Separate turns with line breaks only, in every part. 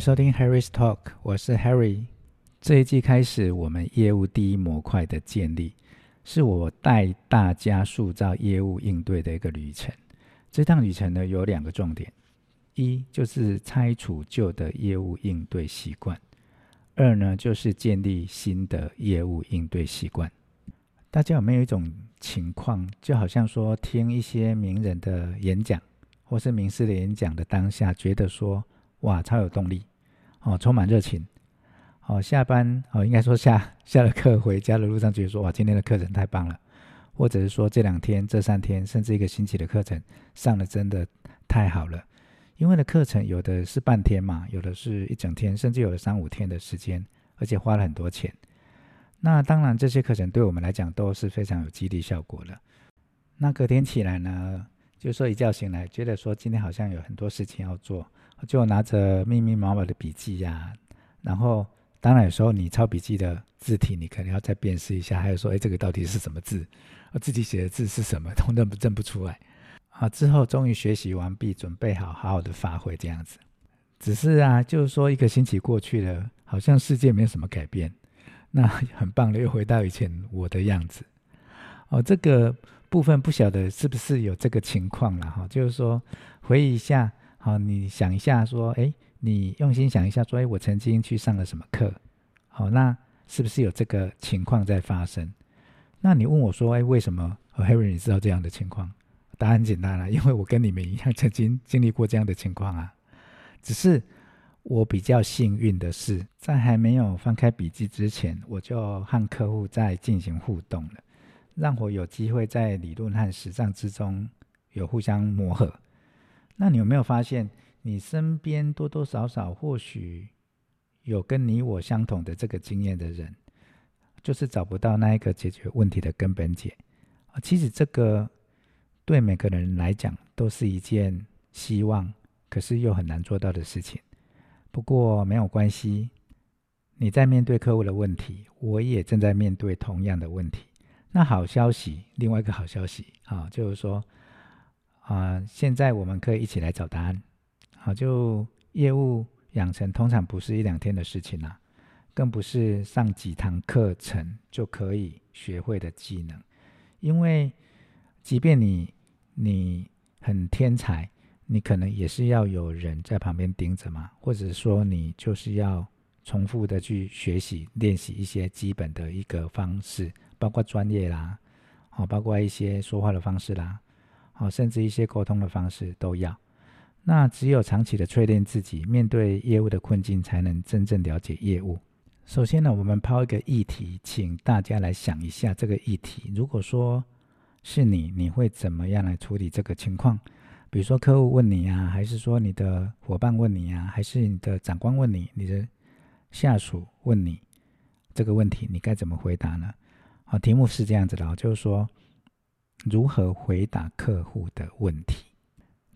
收聽 Harry's Talk，我是 Harry。這一季開始，我們業務第一模塊的建立，是我帶大家塑造業務應對的一個旅程。這趟旅程呢，有兩個重點：一就是拆除舊的業務應對習慣；二呢就是建立新的業務應對習慣。大家有沒有一種情況，就好像說聽一些名人的演講或是名師的演講的當下，覺得說，哇，超有動力！哦，充滿熱情。哦，下班哦，應該說下下了課回家的路上，就說哇，今天的課程太棒了。或者是說這兩天、這三天，甚至一個星期的課程，上得真的太好了。因為的課程有的是半天嘛，有的是一整天，甚至有的三五天的時間，而且花了很多錢。那當然，這些課程對我們來講都是非常有激勵效果的。那隔天起來呢，就說一覺醒來，覺得說今天好像有很多事情要做。就拿着密密麻麻的筆記呀、啊，然後當然有時候你抄筆記的字體，你可能要再辨識一下，還有說哎，這個到底是什麼字？我自己寫的字是什麼，都認不認不出來。啊，之後終於學習完畢，準備好好好的發揮這樣子。只是啊，就是說一個星期過去了，好像世界沒有什麼改變，那很棒的，又回到以前我的樣子。哦，這個部分不曉得是不是有這個情況了哈，就是說回憶一下。好，你想一下，說，哎，你用心想一下，說，哎，我曾經去上了什麼課？好，哦，那是不是有這個情況在發生？那你問我說，哎，為什麼？Harry，哦，你知道這樣的情況？答案很簡單啦，啊，因為我跟你們一樣曾經經歷過這樣的情況啊。只是我比較幸運的是，在還沒有翻開筆記之前，我就和客戶在進行互動了，讓我有機會在理論和實戰之中有互相磨合。那你有沒有發現，你身邊多多少少或許有跟你我相同的這個經驗的人，就是找不到那一個解決問題的根本解啊？其實這個對每個人來講都是一件希望，可是又很難做到的事情。不過沒有關係，你在面對客戶的問題，我也正在面對同樣的問題。那好消息，另外一個好消息啊，就是說。啊，現在我們可以一起來找答案。好，就業務養成通常不是一兩天的事情啦、啊，更不是上幾堂課程就可以學會的技能。因為，即便你你很天才，你可能也是要有人在旁邊盯着嘛，或者說你就是要重複的去學習、練習一些基本的一個方式，包括專業啦，啊，包括一些說話的方式啦。哦，甚至一些溝通的方式都要。那只有長期的淬煉自己，面對業務的困境，才能真正了解業務。首先呢，我們拋一個議題，請大家來想一下這個議題。如果說是你，你會怎麼樣來處理這個情況？比如說客戶問你呀、啊，還是說你的夥伴問你呀、啊，還是你的長官問你，你的下屬問你這個問題，你該怎麼回答呢？好，題目是這樣子的，就是說。如何回答客戶的問題？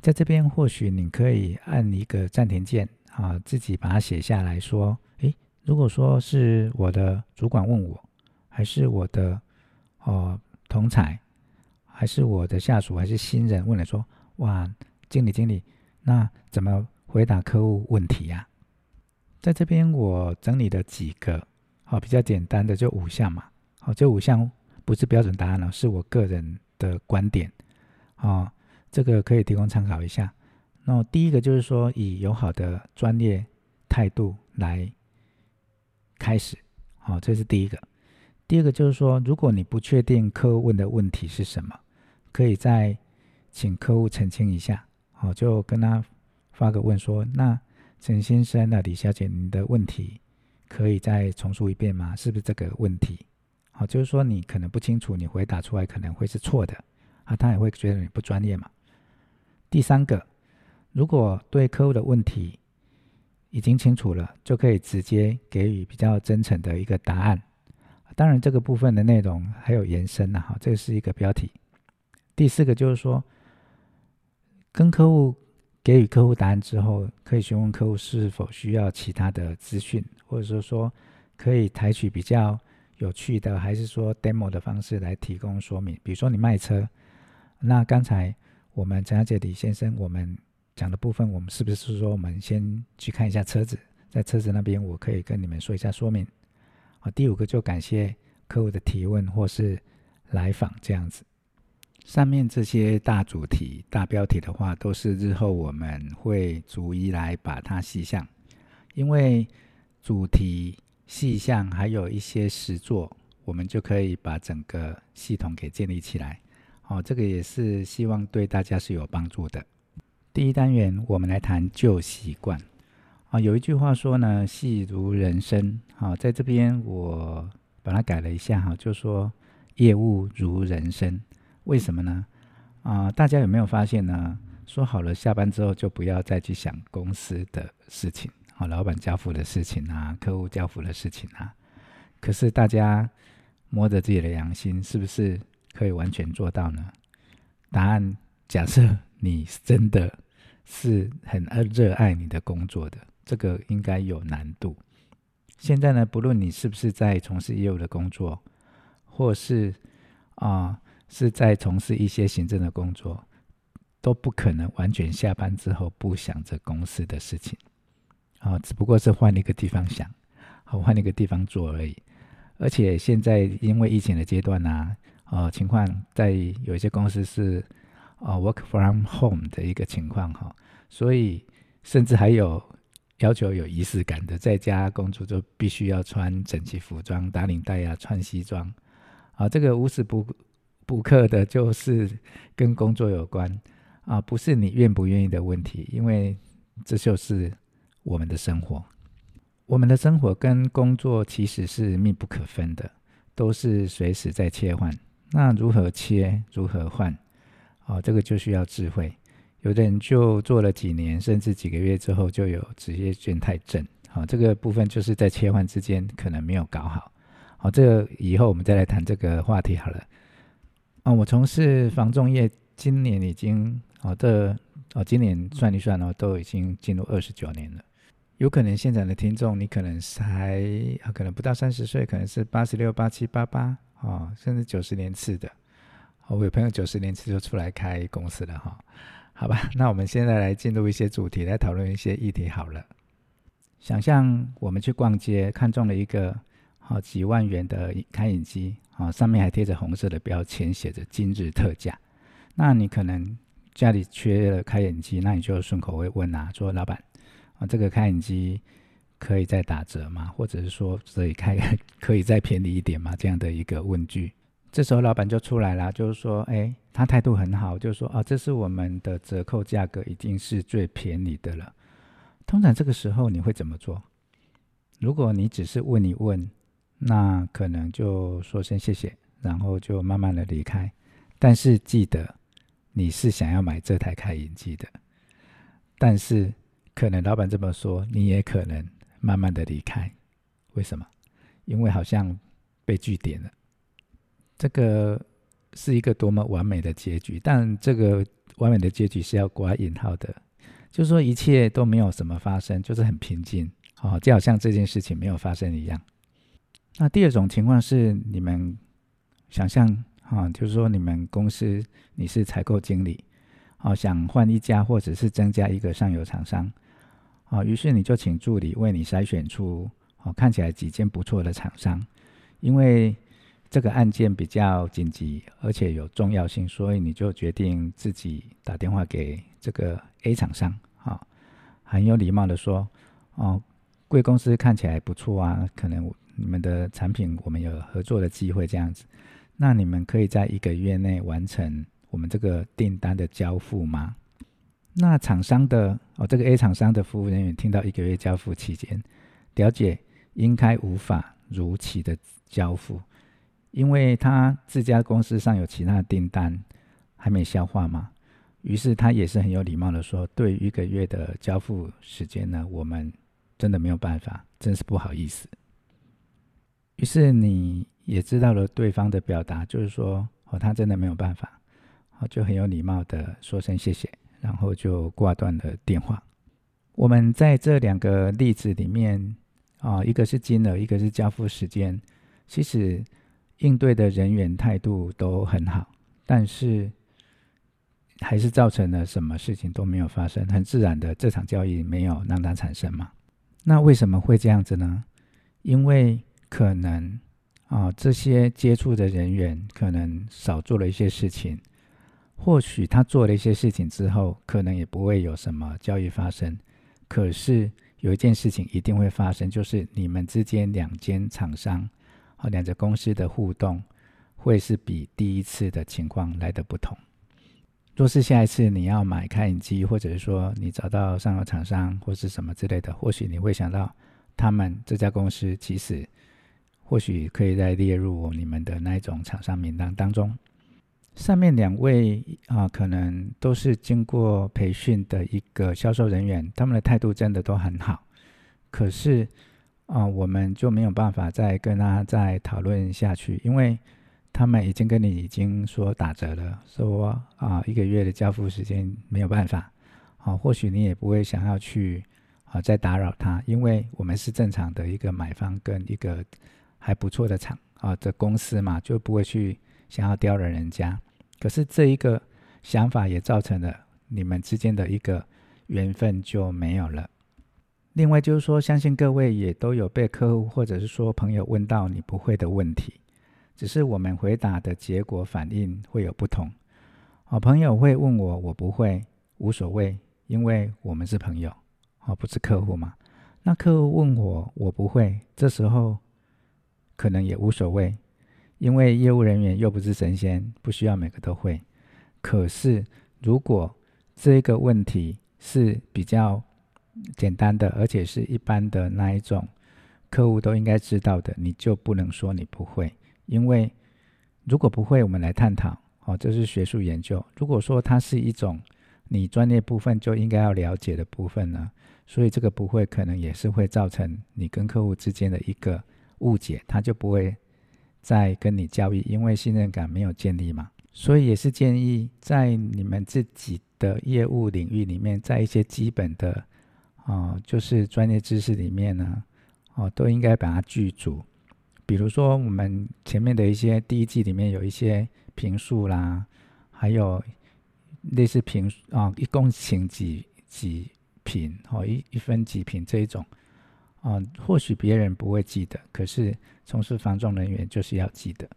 在這邊，或許你可以按一個暫停鍵啊，自己把它寫下來說。誒，如果說是我的主管問我，還是我的哦同儕，還是我的下屬，還是新人問來說，哇，經理經理，那怎麼回答客戶問題呀、啊？在這邊，我整理了幾個好、哦、比較簡單的就五項嘛。好、哦，這五項不是標準答案了，是我個人，的觀點，啊、哦，這個可以提供參考一下。那我第一個就是說，以友好的專業態度來開始，好、哦，這是第一個。第二個就是說，如果你不確定客戶問的問題是什麼，可以再請客戶澄清一下，好、哦，就跟他發個問說：“那陳先生那、啊、李小姐，您的問題可以再重述一遍嗎？是不是這個問題？”就是說，你可能不清楚，你回答出來可能會是錯的，啊，他也會覺得你不專業嘛。第三個，如果對客戶的問題已經清楚了，就可以直接給予比較真誠的一個答案。當然，這個部分的內容還有延伸呢。哈，這個是一個標題。第四個就是說，跟客戶給予客戶答案之後，可以詢問客戶是否需要其他的資訊，或者是說可以採取比較。有趣的，還是說 demo 的方式來提供說明？比如說你賣車，那剛才我們陳小姐、李先生，我們講的部分，我們是不是說，我們先去看一下車子，在車子那邊，我可以跟你們說一下說明。好，第五個就感謝客戶的提問或是來訪，這樣子。上面這些大主題、大標題的話，都是日後我們會逐一來把它細項，因為主題。細項還有一些實作，我們就可以把整個系統給建立起來。哦，這個也是希望對大家是有幫助的。第一單元，我們來談舊習慣。啊、哦，有一句話說呢，戲如人生。好、哦，在這邊我把它改了一下。哈，就說業務如人生。為什麼呢？啊、呃，大家有沒有發現呢？說好了下班之後就不要再去想公司的事情。老闆交付的事情啊，客戶交付的事情啊，可是大家摸着自己的良心，是不是可以完全做到呢？答案：假設你真的是很熱愛你的工作的，這個應該有難度。現在呢，不論你是不是在從事業務的工作，或是啊、呃、是在從事一些行政的工作，都不可能完全下班之後不想着公司的事情。啊，只不過是換一個地方想，和換一個地方做而已。而且現在因為疫情的階段呢，啊，情況在有一些公司是啊，work from home 的一個情況哈，所以甚至還有要求有儀式感的在家工作，就必須要穿整齊服裝、打領帶呀、啊，穿西裝。啊，這個無時不不刻的，就是跟工作有關啊，不是你願不願意的問題，因為這就是。我們的生活，我們的生活跟工作其實是密不可分的，都是隨時在切換。那如何切，如何換？哦，這個就需要智慧。有的人就做了幾年，甚至幾個月之後，就有職業倦怠症。好、哦，這個部分就是在切換之間可能沒有搞好。好、哦，這個以後我們再來談這個話題好了。啊、哦，我從事房仲業，今年已經哦，這哦，今年算一算哦，都已經進入二十九年了。有可能現場的聽眾，你可能才、啊、可能不到三十歲，可能是八十六、八七、八八哦，甚至九十年次的、哦。我有朋友九十年次就出來開公司了哈、哦。好吧，那我們現在來進入一些主題，來討論一些議題好了。想象我們去逛街，看中了一個好、哦、幾萬元的開飲機，啊、哦，上面還貼着紅色的標籤，寫着“今日特價”。那你可能家裡缺了開飲機，那你就順口會問啊，說老板。這個開飲機可以再打折嗎？或者是說可以開可以再便宜一點嗎？這樣的一個問句，這時候老板就出來了，就是說，哎，他態度很好，就是說，哦、啊，這是我們的折扣價格，已經是最便宜的了。通常這個時候你會怎麼做？如果你只是問一問，那可能就說聲謝謝，然後就慢慢的離開。但是記得你是想要買這台開飲機的，但是。可能老闆這麼說，你也可能慢慢的離開，為什麼？因為好像被據點了，這個是一個多麼完美的結局，但這個完美的結局是要掛引號的，就是說一切都沒有什麼發生，就是很平靜，哦，就好像這件事情沒有發生一樣。那第二種情況是，你們想象啊、哦，就是說你們公司你是採購經理。哦，想換一家或者是增加一個上游廠商，哦，於是你就請助理為你篩選出，哦，看起來幾間不錯的廠商，因為這個案件比較緊急而且有重要性，所以你就決定自己打電話給這個 A 廠商，啊、哦，很有禮貌的說，哦，貴公司看起來不錯啊，可能你們的產品我們有合作的機會這樣子，那你們可以在一個月內完成我們這個訂單的交付嗎？那廠商的哦，這個 A 廠商的服務人員聽到一個月交付期間，了解應該無法如期的交付，因為他自家公司上有其他的訂單還沒消化嘛。於是他也是很有禮貌的說：“對於一個月的交付時間呢，我們真的沒有辦法，真是不好意思。”於是你也知道了對方的表達，就是說哦，他真的沒有辦法。就很有禮貌的說聲謝謝，然後就掛斷了電話。我們在這兩個例子裡面啊，一個是金額，一個是交付時間，其實應對的人員態度都很好，但是還是造成了什麼事情都沒有發生，很自然的這場交易沒有讓它產生嘛。那為什麼會這樣子呢？因為可能啊，這些接觸的人員可能少做了一些事情。或許他做了一些事情之後，可能也不會有什麼交易發生。可是有一件事情一定會發生，就是你們之間兩間廠商和兩家公司的互動，會是比第一次的情況來得不同。若是下一次你要買開飲機，或者是說你找到上游廠商或是什麼之類的，或許你會想到他們這家公司其實或許可以再列入你們的那一種廠商名單當中。上面兩位啊，可能都是經過培訓的一個銷售人員，他們的態度真的都很好。可是啊，我們就沒有辦法再跟他再討論下去，因為他們已經跟你已經說打折了，說啊一個月的交付時間沒有辦法啊。或許你也不會想要去啊再打擾他，因為我們是正常的一個買方跟一個還不錯的廠啊的公司嘛，就不會去。想要刁難人家，可是這一個想法也造成了你們之間的一個緣分就沒有了。另外就是說，相信各位也都有被客戶或者是說朋友問到你不會的問題，只是我們回答的結果反應會有不同。好朋友會問我，我不會，無所謂，因為我們是朋友，哦，不是客戶嘛？那客戶問我，我不會，這時候可能也無所謂。因為業務人員又不是神仙，不需要每個都會。可是，如果這個問題是比較簡單的，而且是一般的那一種，客戶都應該知道的，你就不能說你不會。因為如果不會，我們來探討。哦，這是學術研究。如果說它是一種你專業部分就應該要了解的部分呢，所以這個不會可能也是會造成你跟客戶之間的一個誤解，他就不會在跟你交易，因為信任感沒有建立嘛，所以也是建議在你們自己的業務領域裡面，在一些基本的，啊、呃，就是專業知識裡面呢，哦、呃，都應該把它記住。比如說我們前面的一些第一季裡面有一些坪數啦，還有類似坪啊、呃、一公頃幾幾坪哦一一分幾坪這一種，啊、呃，或許別人不會記得，可是。從事房仲人員就是要記得，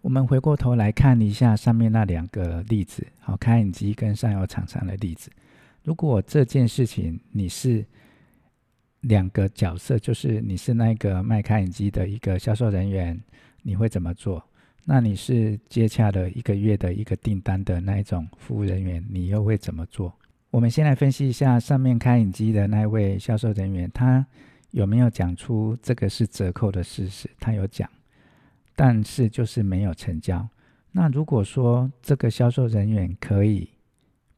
我們回過頭來看一下上面那兩個例子，好，開眼機跟上游廠商的例子。如果這件事情你是兩個角色，就是你是那個賣開眼機的一個銷售人員，你會怎麼做？那你是接洽了一個月的一個訂單的那一種服務人員，你又會怎麼做？我們先來分析一下上面開眼機的那位銷售人員，他。有沒有講出這個是折扣的事實？他有講，但是就是沒有成交。那如果說這個銷售人員可以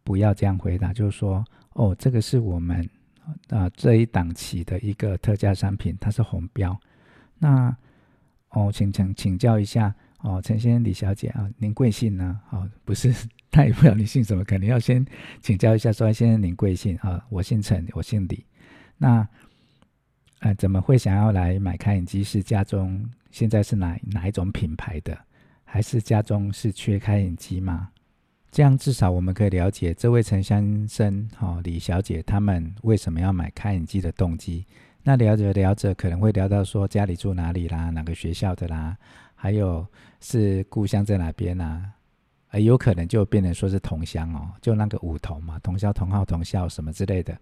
不要這樣回答，就是說哦，這個是我們啊、呃、這一檔期的一個特價商品，它是紅標。那哦，請請請教一下哦，陳先生、李小姐啊，您貴姓呢？哦，不是他也不知道你姓什麼，可能要先請教一下，說先生您貴姓啊？我姓陳，我姓李。那怎麼會想要來買開飲機？是家中現在是哪哪一種品牌的？還是家中是缺開飲機嗎？這樣至少我們可以了解這位陳先生、哈、哦、李小姐他們為什麼要買開飲機的動機。那聊着聊着，可能會聊到說家裡住哪裡啦、哪個學校的啦，還有是故鄉在哪邊吶、啊？呃、哎，有可能就變成說是同鄉哦，就那個五同嘛，同鄉、同號、同校什麼之類的。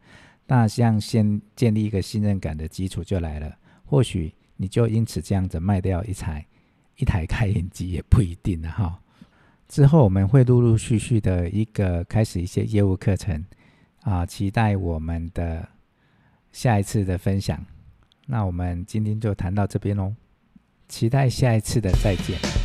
大象先建立一個信任感的基礎就來了，或許你就因此這樣子賣掉一台一台開飲機也不一定哈、啊。之後我們會陸陸續續的一個開始一些業務課程啊，期待我們的下一次的分享。那我們今天就談到這邊咯、哦，期待下一次的再見。